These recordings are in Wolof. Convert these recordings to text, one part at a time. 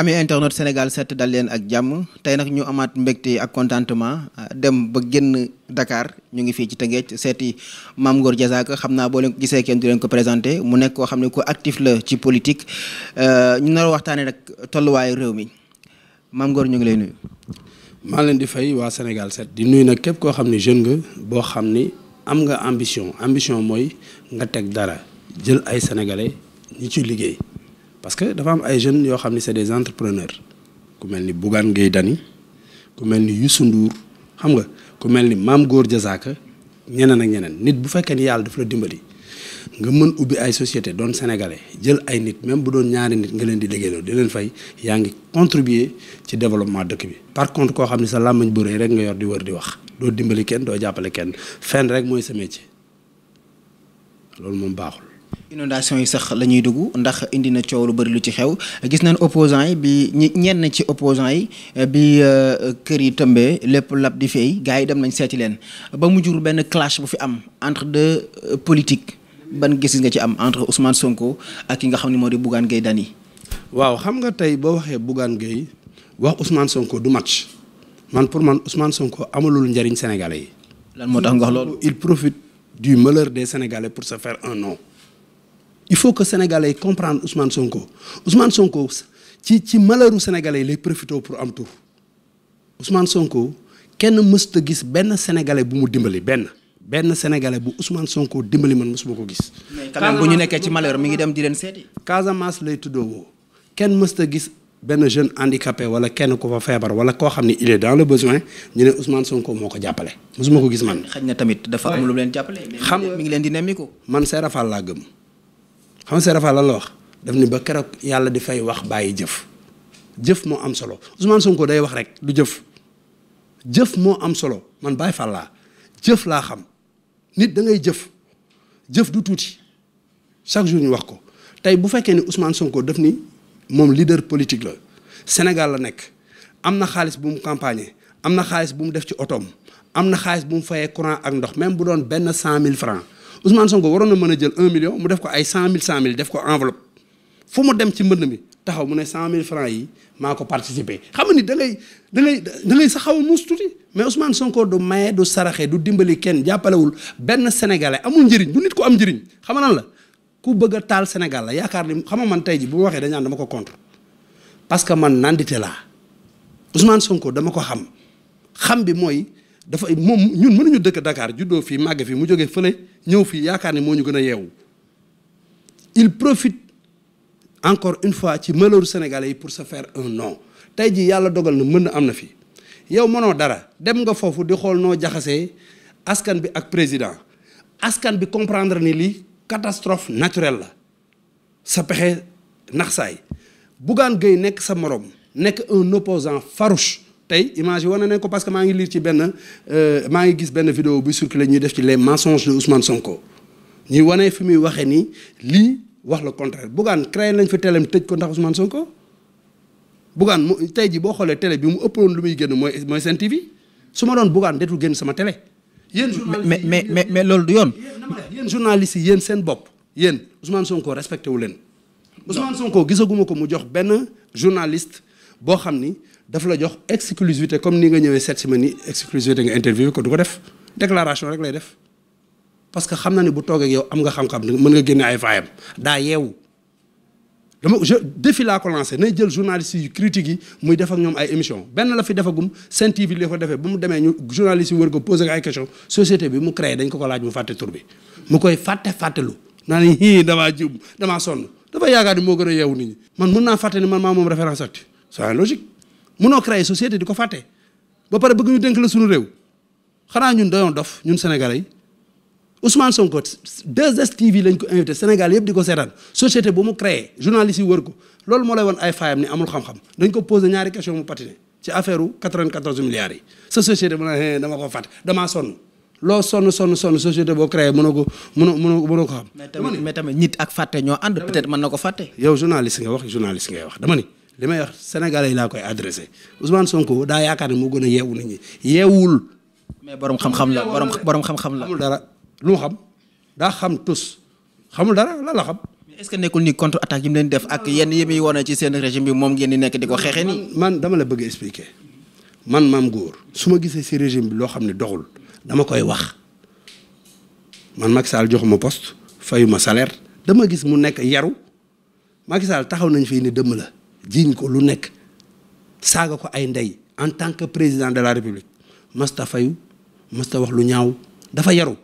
amee internet Sénégal set dal leen ak jàmm tey nag ñu amaat mbégte ak contentement ah, dem ba génn Dakar ñu ngi fii ci Tëngéej seeti Mame Ngor Diazaka xam naa boo leen gisee kenn du leen ko présenté mu nekk koo xam ne ku actif la ci politique euh, ñu nar a waxtaanee nag tolluwaayu réew mi Mame Ngor ñu ngi lay nuyu. maa leen di fay waa Sénégal set di nuyu na képp koo xam ne jeune nga boo xam ni am nga ambition ambition mooy nga teg dara jël ay sénégalais ñi ci liggéey. parce que dafa am ay jeunes yoo xam ni sa des entrepreneurs ku mel ni Bougane Gueye Dany ku mel ni yu Ndour xam nga ku mel ni maam góor Diazaka ñeneen ak ñeneen nit bu fekkee ni yàlla dafa la dimbali nga mën ubbi ay société doon sénégalais jël ay nit même bu doon ñaari nit nga leen di liggéeyloo de leen fay yaa ngi contribuer ci développement dëkk bi par contre koo xam ne sa làmmañ bu rëy rek nga yor di war di wax doo dimbali kenn doo jàppale kenn fenn rek mooy sa loolu moom baaxul inondation yi sax la ñuy dugg ndax indi na coow lu bëri lu ci xew gis nañ opposant yi bi ñi ñenn ci opposan yi eh, bi eh, kër yi tëmbee lépp lab di fay gars yi dem nañ seeti leen ba mu jur benn clash bu fi am entre deux euh, politiques ban gis nga ci am entre Ousmane Sonko ak ki nga xam ne moo di buggaan Gueye dani waaw xam nga tey boo waxee buggaan Gueye wax Ousmane Sonko du match man pour man Ousmane Sonko amalul njariñ sénégalais yi. lan moo tax nga wax loolu. il profite du malheur des sénégalais pour se faire un il faut que sénégalais comprendre Ousmane Sonko Ousmane Sonko ci ci malheuru sénégalais lay profité pour am tour Ousmane Sonko kenn mësta gis benn sénégalais bu mu dimbali benn benn sénégalais bu Ousmane Sonko dimbali man mosuma ko gis. mais quand bu ñu nekkee ci malheur mi ngi dem di leen seeti. Casamance lay tuddoo kenn mësta gis benn jeune handicapé wala kenn ku fa feebar wala koo xam ne il est dans le besoin ñu ne Ousmane Sonko moo ko jàppale mosuma ko gis man. xëy na tamit dafa am lu leen jàppale. xam mu ngi leen di nemmiku. man Serafal laa xam nga Serap Fall lan la wax daf ni ba keroog yàlla di fay wax bàyyi jëf jëf moo am solo Ousmane Sonko day wax rek du jëf jëf moo am solo man Baye Fall jëf laa xam nit da ngay jëf jëf du tuuti chaque jour ñu wax ko tey bu fekkee ni Ousmane Sonko daf ni moom leader politique la Sénégal la nekk am na xaalis bu mu campagne am na xaalis bu mu def ci otoom am na xaalis bu mu fayee courant ak ndox même bu doon benn cent mille francs Ousmane Sonko waroon na mën a jël un million mu def ko ay 100000 100000 def ko enveloppe fu mu dem ci mbënd mi taxaw mu ne 100000 francs yi maa ko participé xam nga ni da ngay sa xaw a muus tuuti mais Ousmane Sonko du maye du saraxee du dimbali kenn jàppalewul benn sénégalais amul njëriñ du nit ko am njëriñ xam nga lan la ku bëgg taal Sénégal la yaakaar ni xam nga man tey ji bu waxee dañu dama ko contre parce que man nandite laa Ousmane Sonko dama ko xam xam bi mooy. dafa moom ñun mënuñu dëkk dakaar juddoo fii màgg fii mu jógee fële ñëw fii yaakaar ni moo ñu gën a yeewu il profite encore une fois ci malheuru sénégalais yi pour sa fair un nom tey jii yàlla dogal na mën na am na fi yow mënoo dara dem nga foofu di xool noo jaxasee askan bi ak président askan bi comprendre ni lii catastrophe naturel la sa pexe nax saay Bougane Gueye nekk sa morom nekk un opposant farouche tey image wane nañ ko parce que maa ngi liir ci benn euh, maa ngi gis benn vidéo bu circulé ñuy def ci les mensonges de Ousmane Sonko ñuy wane fi muy waxee nii lii wax le contraire Bougane créé nañ fi télém tëj ko ndax Ousmane Sonko Bougane mu tey jii boo xoolee tele bi mu ëppoon lu muy génn mooy mooy seen TV su ma doon buggaan detul génn sama télé. yéen journaliste mais mais mais loolu du yoon. yéen journaliste yi yéen seen bopp yéen Ousmane Sonko respecté wu leen. Ousmane Sonko gisaguma ko mu jox benn journaliste boo xam ni. daf la jox exclusivité comme nii nga ñëwee sept semaines yi exclusivité nga interview ko du ko def déclaration rek lay def parce que xam na ne bu toogee ak yow am nga xam-xam mën nga génne ay faayam daa yeewu dama je défi laa ko lancé nay jël journaliste yi critique yi muy def ñoom ay émission benn la fi defagum Sen TV li ko defee ba mu demee ñu journaliste yi wër ko posé ay question société bi mu créé dañ ko ko laaj mu fàtte tur mu koy fàtte fàttelu naa ne hi damaa jiw damaa sonn dafa yaakaar ni moo gën a yeewu man mun naa fàtte ni man maa moom référence actu c'est logique mënoo créer société di ko fàtte ba pare bëgg ñu dénk la suñu réew xanaa ñun dañoo dof ñun sénégalais yi Ousmane Sonko 2STV lañ ko invité Sénégal yëpp di ko seetaan société bu mu créé journaliste yi wër ko loolu moo lay wan ay faayam ni amul xam-xam dañ ko posé ñaari question mu patiné ci affaire u 94 milliards yi sa société mu ne eh, dama ko fàtte damaa loo sonn sonn sonn société boo créé mënoo ko mënoo mënoo ko xam mais tamit mais ak fàtte ñoo ànd peut-être mën na ko fàtte yow journaliste nga wax journaliste wax dama ni li may wax sénégalais yi laa koy adressé Ousmane Sonko daa yaakaar ne moo gën a yeewu nit ñi yeewul. mais borom xam-xam la borom borom xam-xam la. xamul dara lu mu xam daa xam tus xamul dara la la xam. est ce nekkul ni contre attaque yi mu leen def ak yenn yi muy wone ci seen régime moom ngeen nekk di ko xeexee nii. man dama la bëgg expliquer man maam góor su ma gisee si régime bi loo xam ne doxul dama koy wax man Macky Sall joxuma poste fayu ma salaire dama gis mu nekk yaru Macky taxaw nañ fii ni dëmm la. jiiñ ko lu nekk saaga ko ay ndey en tant que président de la république masta fayu masta wax lu ñaaw dafa yaru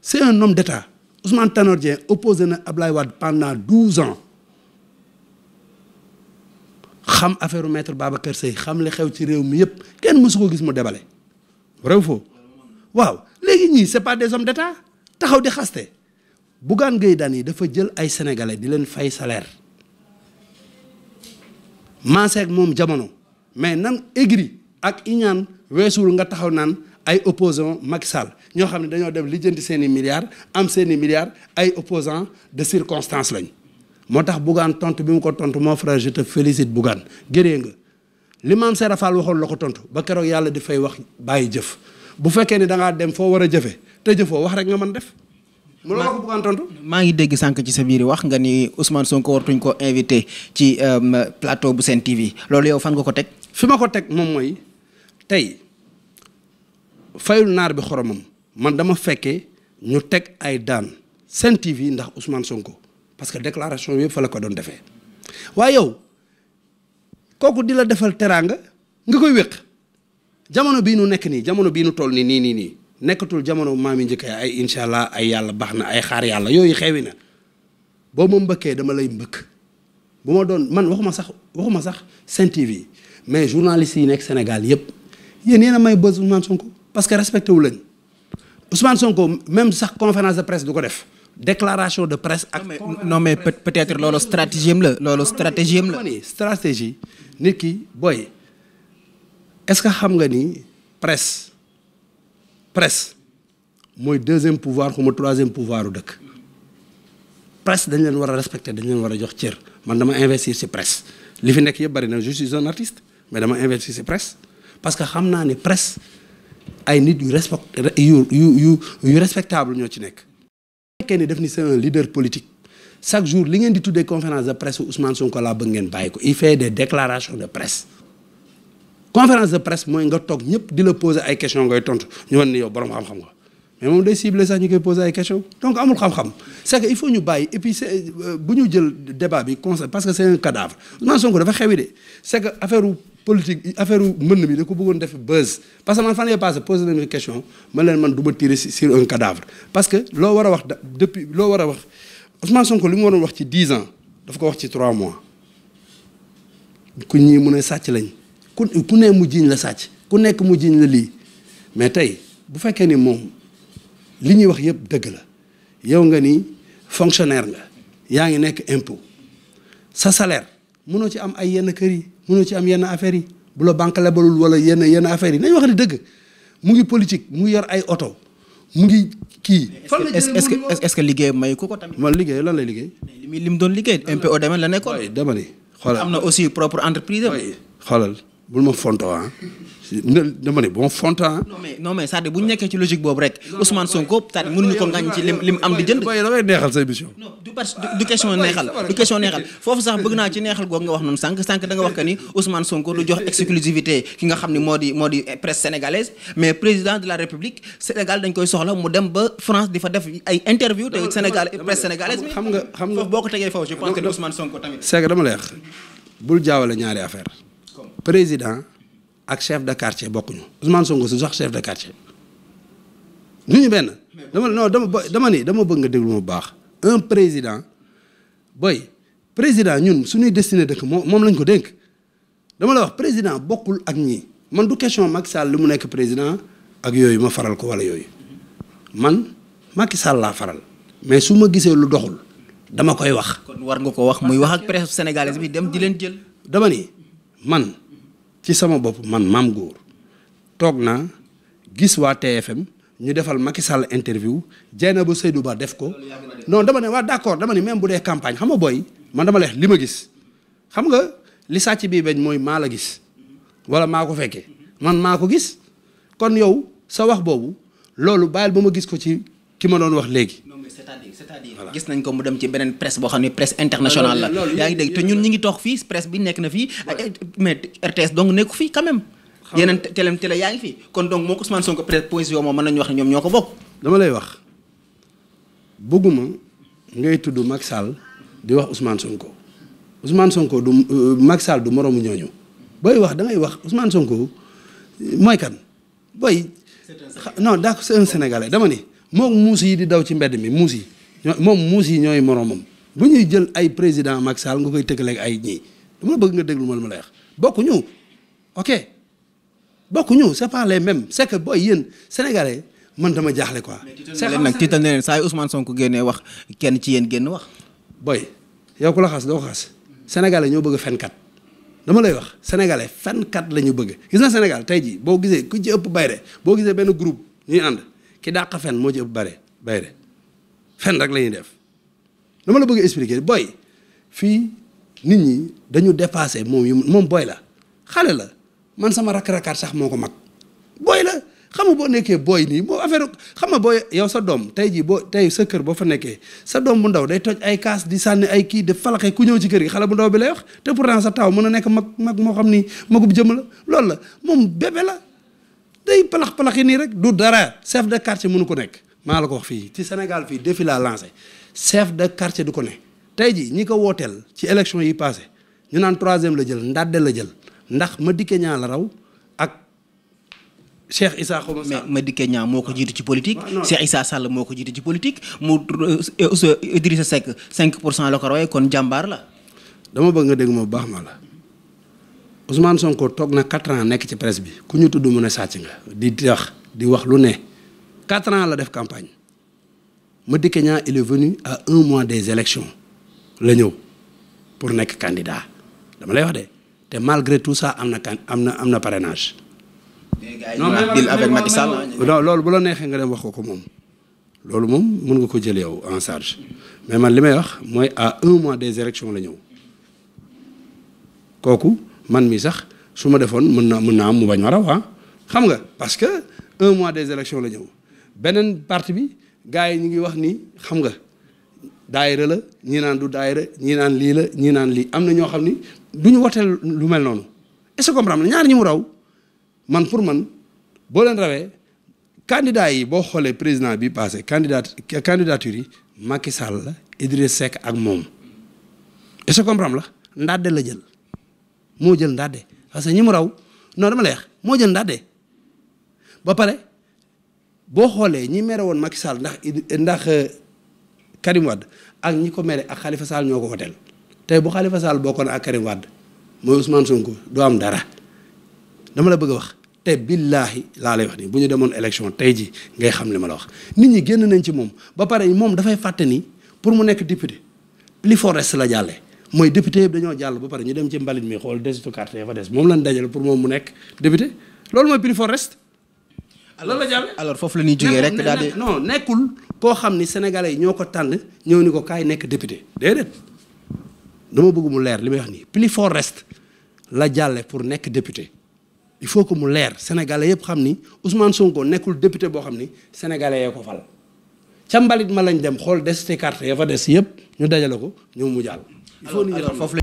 c'est un homme d'état Ousmane Tanor Dieng opposé na Ablaye Wade pendant douze ans xam affaire maître Babacar Seye xam li xew ci réew mi yëpp kenn mësu ko gis mu débale vrai ou faux waaw léegi ñii c'est pas des hommes d'état taxaw di xaste Bougane gay Dany dafa jël ay sénégalais di leen fay salaire maaseeg moom jamono mais nan aigri ak iñaan weesuwul nga taxaw naan ay opposant Macky Sall ñoo xam ne dañoo dem lijjanti seen i milliards am seeni i milliards ay opposant de circonstance lañ moo tax Bougane tontu bi mu ko tontu moo frère je te félicite Bougane gëree nga li maam Serafal waxoon la ko tontu ba keroog yàlla di fay wax bàyyi jëf bu fekkee ni da ngaa dem foo war a jëfe te jëfoo wax rek nga mën def mu la ko bëggoon tontu maa ngi dégg sànq ci sa biir wax nga ni Ousmane Sonko wartuñ koo invité ci euh, plateau bu seen TV loolu yow fan nga ko teg. fi ma ko teg moom mooy tey fayul naar bi xoromam man dama fekkee ñu teg ay daan seen TV ndax Ousmane Sonko parce que déclaration yëpp fa la ko doon defee waaye yow kooku di la defal teraanga nga koy wéq jamono bii nu nekk nii jamono bii nu toll nii nii nii nii. nekkatul jamono maam yi njëkk ay incha allah ay yàlla baax na ay xaar yàlla yooyu xewi na boobu ma mbëkkee dama lay mbëkk bu ma doon man waxuma sax waxuma sax Sen TV mais journalistes yi nekk Sénégal yëpp yen yéen a may bës Ousmane Sonko parce que respecté wu lañ Ousmane Sonko même sax conférence de presse du ko def déclaration de presse ak. non mais peut-être loolu stratégie am la loolu stratégie am la. stratégie nit ki booy est-ce que xam nga ni presse. presse mooy deuxième pouvoir ma troisième pouvoiru dëkk presse dañ leen war a respecter dañ leen war a jox cër man dama investir ci presse li fi nekk yëpp bari na je suis un artiste mais dama investir ci presse parce que xam naa ne presse ay nit yu respect yu yu yu respectable ñoo ci nekk. fekkee ni def ni c'est un leader politique chaque jour li ngeen di tuddee conférence de presse Ousmane Sonko laa bëgg ngeen bàyyi ko il fait des déclarations de presse. conférence de presse mooy nga toog ñëpp di la poser ay question ngay tontu ñu wan ni yow borom xam-xam nga mais moom day ciblé sax ñu koy poser ay question donc amul xam-xam c'est que il faut ñu bàyyi et puis c'est euh, bu ñu jël débat bi conseil parce que c'est un cadavre Ousmane Sonko dafa xewi de c'est affaire politique affaire mbënd mi da ko bëggoon def buzz parce que man fan yee passé posé nañu question man leen man du ma tirer sur un cadavre parce que loo war a wax depuis loo war a wax Ousmane Sonko li mu waroon wax ci dix ans daf ko wax ci trois mois ku ñii mu ne sàcc lañ ku ku ne mu jiiñ la sàcc ku nekk mu jiiñ la lii mais tey bu fekkee ni moom li ñuy wax yëpp dëgg la yow nga ni fonctionnaire nga yaa ngi nekk impôt sa salaire mënoo ci am ay yenn kër yi mënoo ci am yenn affaires yi bu la banque lebalul wala yenn yenn affaires yi nañ wax ni dëgg mu ngi politique mu ngi yor ay oto mu ngi kii. fan la est ce que est liggéey may ko ko tamit. man liggéey lan lay liggéey. li muy lim doon liggéey. impôt la nekkoon. dama ni xoolal am na aussi propre entreprise am. xoolal Ah. bu ma fonto ah. non mais non bu nekkee ci logique boobu rek Ousmane Sonko c'est-à-dire mënuñu ko ngañ ci lim am di jënd. waaye damay neexal sa émission. du question neexal du question neexal foofu sax bëgg naa ci neexal googu nga wax noonu sànq sànq da nga wax que ni Ousmane Sonko du jox exclusivité ki nga xam ni moo di moo di presse sénégalaise mais président de la République Sénégal dañ koy soxla mu dem ba France di fa def ay interview te Sénégal presse sénégalaise. xam nga xam nga boo ko tegee foofu je pense que Ousmane Sonko tamit. c'est ñaari affaire président ak chef de quartier bokkuñu Ousmane Sonko su sax chef de quartier du ñu benn. dama non dama dama ni dama bëgg nga déglu mu baax un président boy président ñun suñuy destiné dëkk moom moom lañ ko dénk dama la wax président bokkul ak ñii man du question Macky Sall lu mu nekk président ak yooyu ma faral ko wala yooyu man Macky Sall laa faral mais su ma gisee lu doxul dama koy wax. kon war nga ko wax muy wax ak presse sénégalaise bi dem di leen jël. dama ni man. ci sama bopp man maam góor toog naa gis waa TFM ñu defal Macky Sall interview Dieynaba Seydou Ba def ko noon dama ne waa d'accord dama ne même bu dee campagne xam nga booy man dama leex li ma gis xam nga li sàcc bii bañ mooy maa la gis wala maa ko fekkee man maa ko gis kon yow sa wax boobu loolu bàyyil ba ma gis ko ci ki ma doon wax léegi voilà gis nañ ko mu dem ci beneen presse boo xam ne presse internationale la. yaa ngi dégg te ñun ñi ngi toog fii presse bi nekk na fii. Eh, mais RTS donc nekku fii quand yeneen télé télé yaa fii kon donc moo ko Ousmane Sonko presse position moom mën nañu wax ne ñoom dama di wax Ousmane Sonko Ousmane Sonko du euh, Macky Sall du moromu ñooñu booy wax da ngay wax Ousmane Sonko euh, mooy kan booy. non daa c'est un sénégalais dama ni moom muus yi di daw ci mbedd mi muus yi. moom muus yi ñooy moromam bu ñuy jël ay président Macky Sall nga koy tëkkaleeg ay ñii dama bëgg nga déglu ma la lay wax bokkuñu ok bokkuñu c'est pas les mêmes c'est yéen sénégalais man dama jaaxle quoi. c'est leen nag tiital na leen saa yu Ousmane Sonko génnee wax kenn ci yéen génn wax. boy yow ku la xas doo ko xas sénégalais ñoo bëgg fenkat dama lay wax sénégalais fenkat la ñu bëgg gis na Sénégal tey jii boo gisee ku ci ëpp bayre boo gisee benn groupe ñuy ànd ki dàq fen moo ci ëpp bare bayre fen rek lañuy ñuy def dama la bëgg expliquer booy fii nit ñi dañu dépassé moom yu moom booy la xale la man sama rakk-rakkaat sax moo ko mag booy la xam nga boo nekkee booy nii boo affaire xam nga booy yow sa doom tey jii boo tey sa kër boo fa nekkee sa doom bu ndaw day toj ay kaas di sànni ay kii de falaxe ku ñëw ci kër gi xale bu ndaw bi lay wax te pourtant sa taw mën a nekk mag mag moo xam ni magub jëm la lool la moom bébé la day palax palax yi nii rek du dara sef de quartier mënu ko nekk maa la ko wax fii ci Sénégal fii défi laa lancé chef de quartier du ko ne tey ji ñi ko wooteel ci élection yi passé ñu naan troisième la jël ndadde la jël ndax Madické Niang la raw ak Cheikh Issa Xawma Sall moo ko jiitu ci politique ah, Cheikh Issa Sall moo ko jiitu ci politique mu euh, Idrissa Seck cinq pour cent la ko rawee kon jàmbaar la dama bëgg nga dégg ma bu baax ma la Ousmane Sonko toog na quatre ans nekk ci presse bi ku ñu tudd mu ne sàcc nga di tax di wax lu ne quatre ans la def campagne Madické Niang il est venu à un mois des élections la ñëw pour nekk candidat dama lay wax de te malgré tout ça am na can am na am na parrainage. non non loolu bu la neexee nga dem wax ko ko moom. loolu moom mën nga ko jël yow en charge mais man li may wax mooy à un mois des élections la ñëw kooku man mii sax su ma defoon mën na mën naa am mu bañ ma raw ah xam nga parce que un mois des élections la ñëw. beneen parti bi gars yi ñu ngi wax nii xam nga daayira la ñii naan du daayira ñii naan lii la ñii naan lii am na ñoo xam ni du ñu woteel lu mel noonu est-ce que comprendre ñaar ñi mu raw man pour man boo leen rawee candidat yi boo xoolee président bi passé candidat candidature yi Macky Sall la Idriss Seck ak moom est-ce la ndàdde la jël moo jël ndàdde parce que ñi mu raw non dama lay moo jël ndàdde ba pare boo xoolee ñi mere woon Macky Sall ndax ndax euh, Karim Wade ak ñi ko mere ak Khalifa Sall ñoo ko woteel tey bu boo ko bokkoon ak Karim Wade mooy Ousmane Sonko doo am dara dama la bëgg a wax te billaahi laa lay wax nii bu ñu demoon élection tey ji ngay xam li ma la wax nit ñi génn nañ ci moom ba pare moom dafay fàtte ni pour mu nekk député plus fort reste la jàllee mooy député yëpp dañoo jàll ba pare ñu dem ci mbalit mi xool desitu carte ya fa des moom lañ dajal pour moom mu nekk député loolu mooy plus fort lan la jàll alors foofu la ñuy jógee rek daal di non nekkul koo xam ni sénégalais yi ñoo ko tànn ñëw ni ko kaay nekk député déedéet dama bëgg mu leer li may wax nii plus fort reste la jàlle pour nekk député il faut que mu leer sénégalais yëpp xam ni Ousmane ko nekkul député boo xam ni sénégalais yee ko fal ca mbalit ma lañ dem xool des ci carte ya fa des yëpp ñu dajale ko ñëw mu jàll il faut ni foofu la